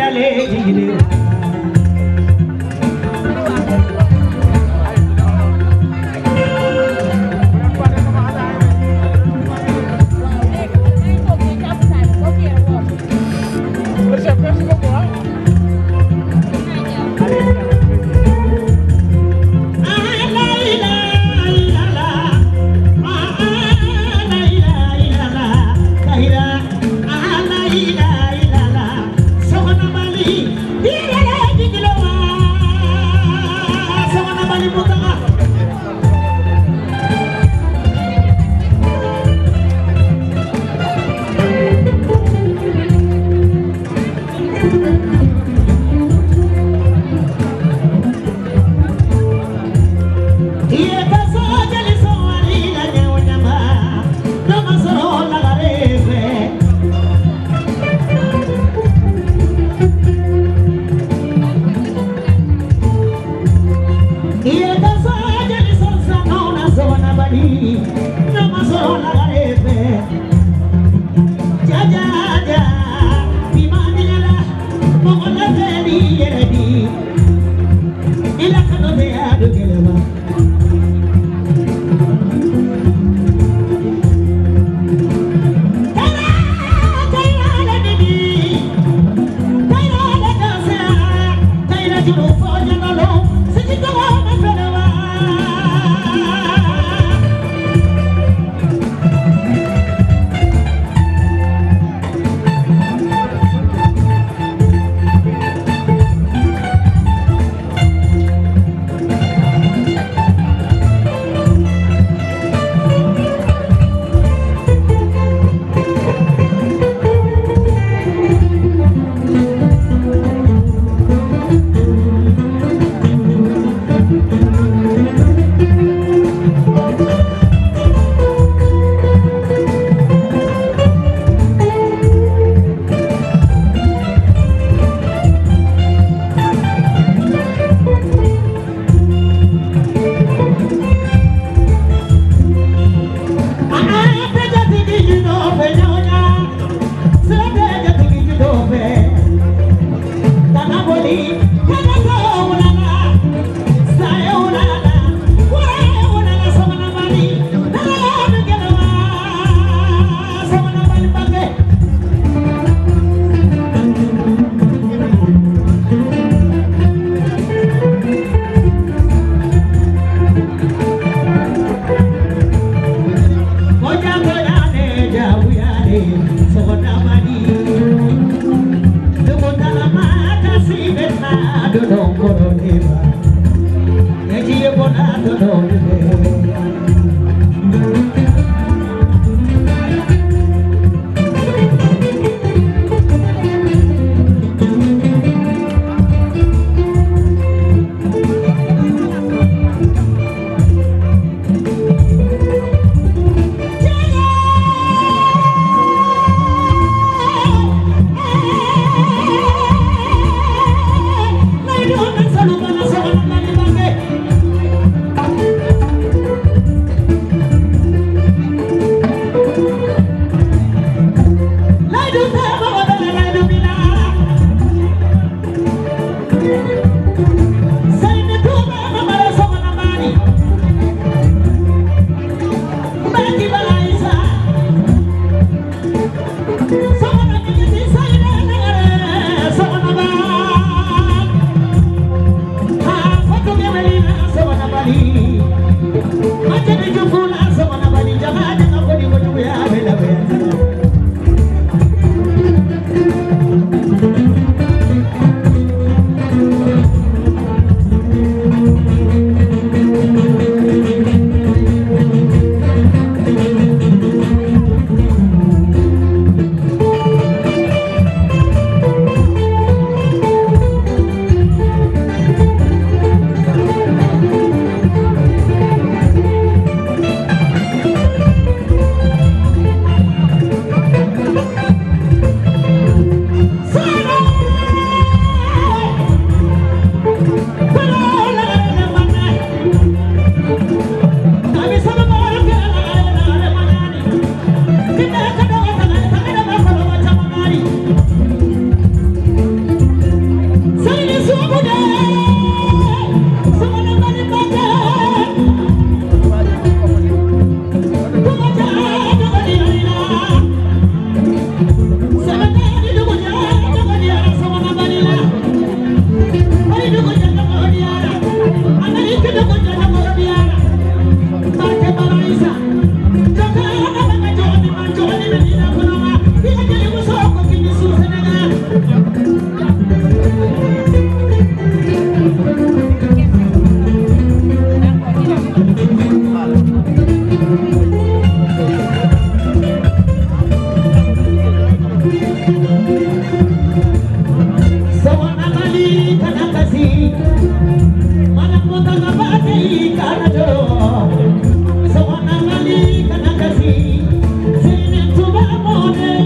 Thank you.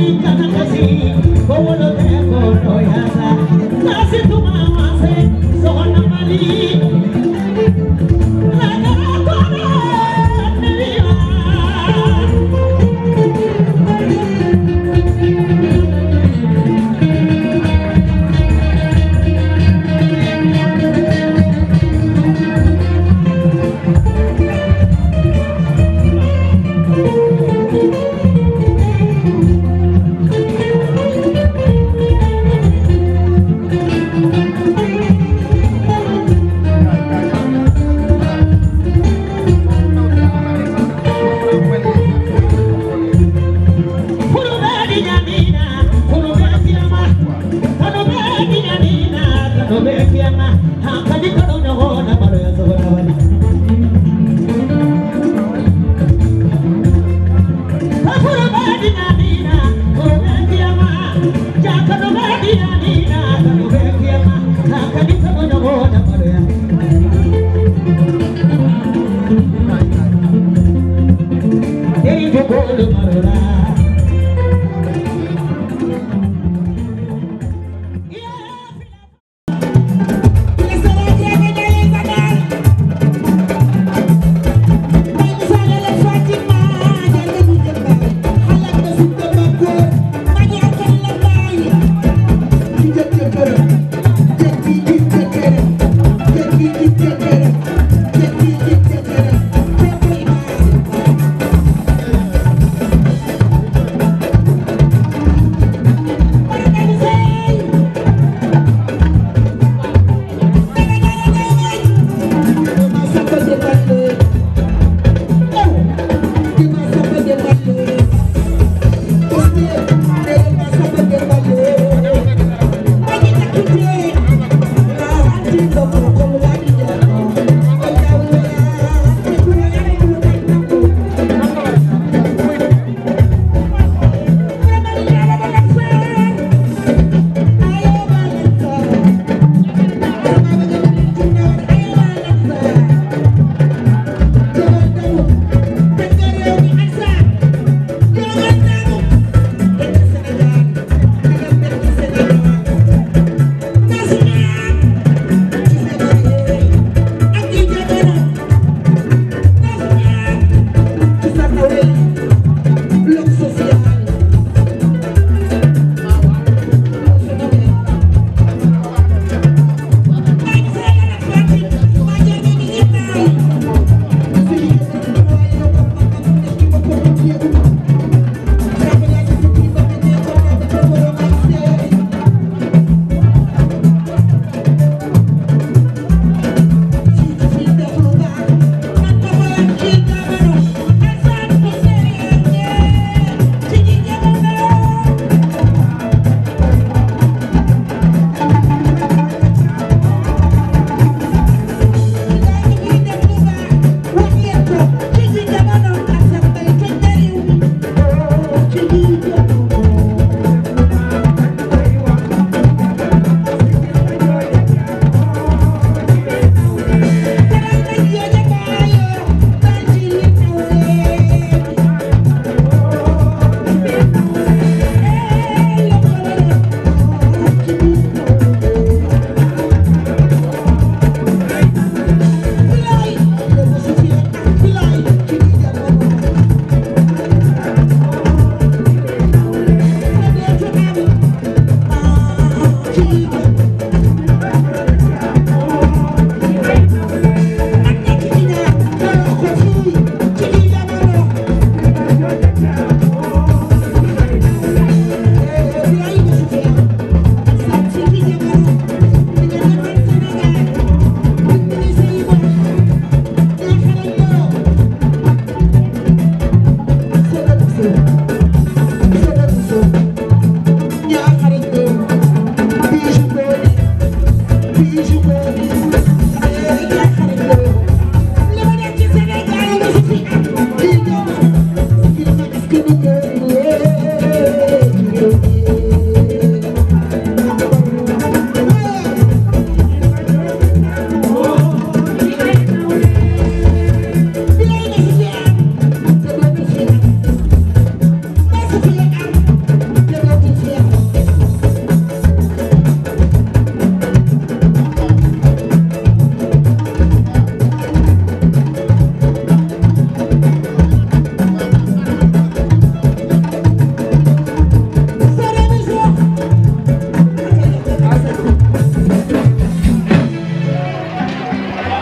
Thank you. được mà đời ra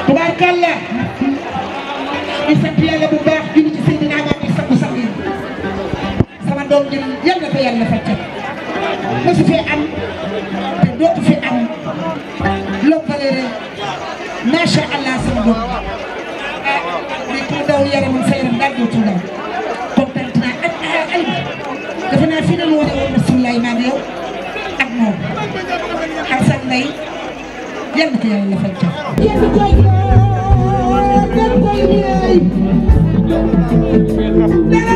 tubaarkàlla di sant yàlla bu baax di ci Seydina Muhammad sangu sang yi sama doom jëm yal na ko yàlla fàcceel am te dootu fi am loppale rek macha allah sama doom ah li ku daw yaramam sa yaram daal dootul daw kontaan naa ak ay defe naa fi na lu wane woon Rasulullah maa ngi yow yal na ko yàlla defal jàmm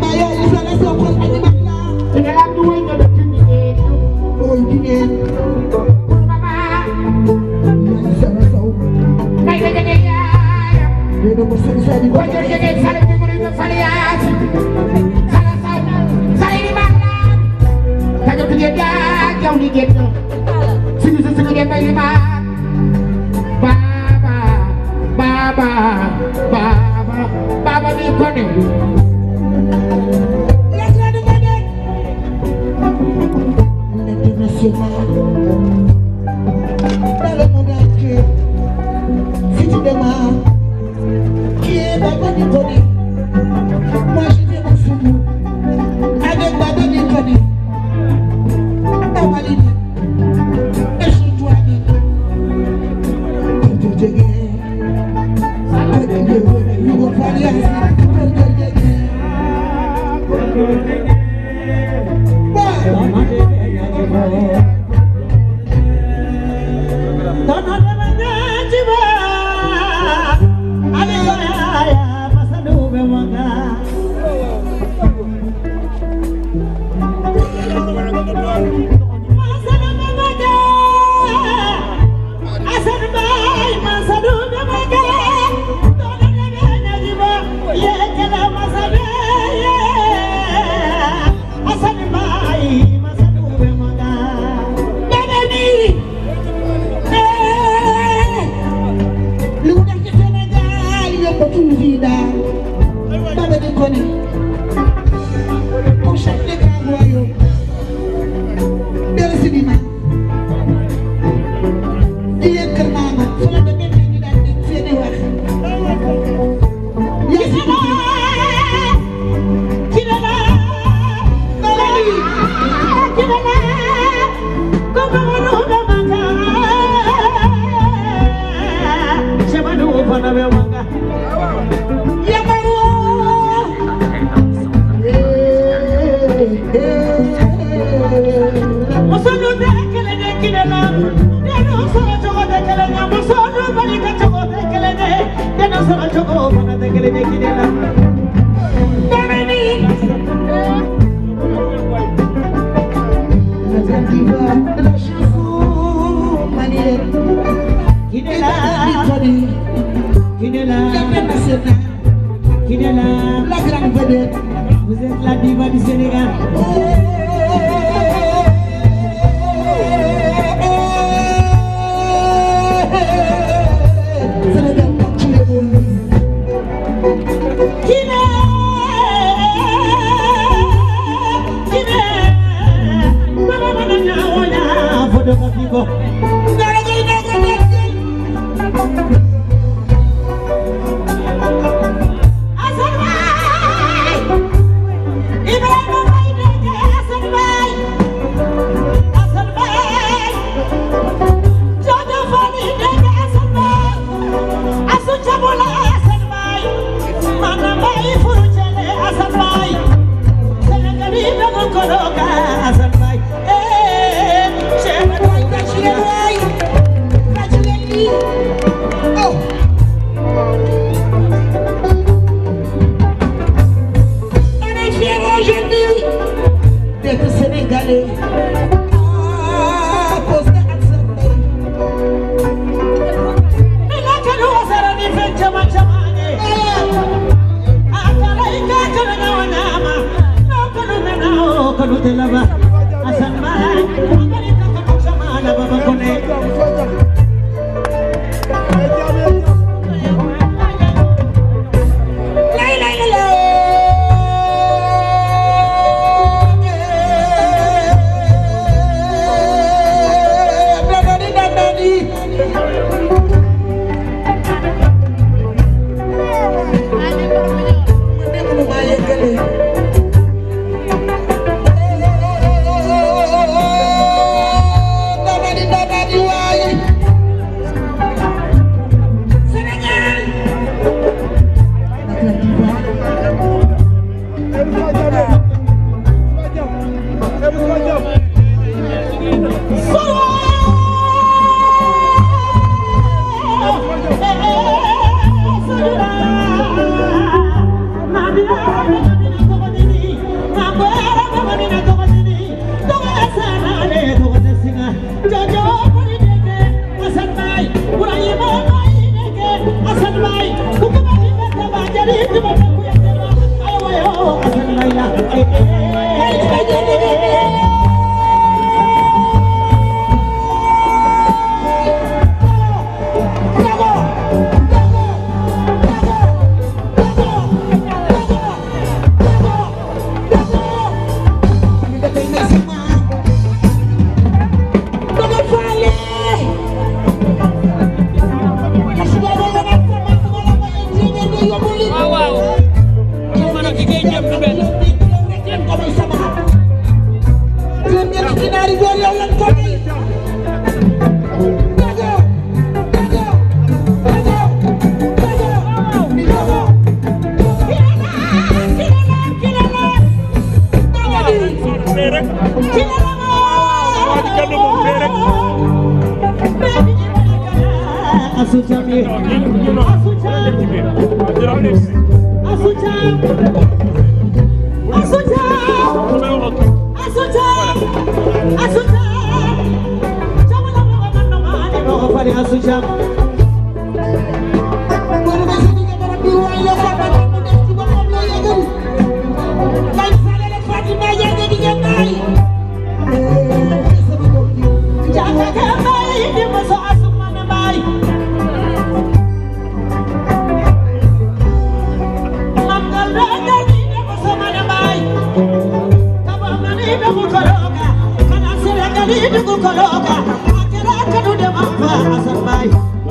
Baba, yeah, you should listen to Montico. Thank you. Asutami Asutami Asutami Assane Mbaye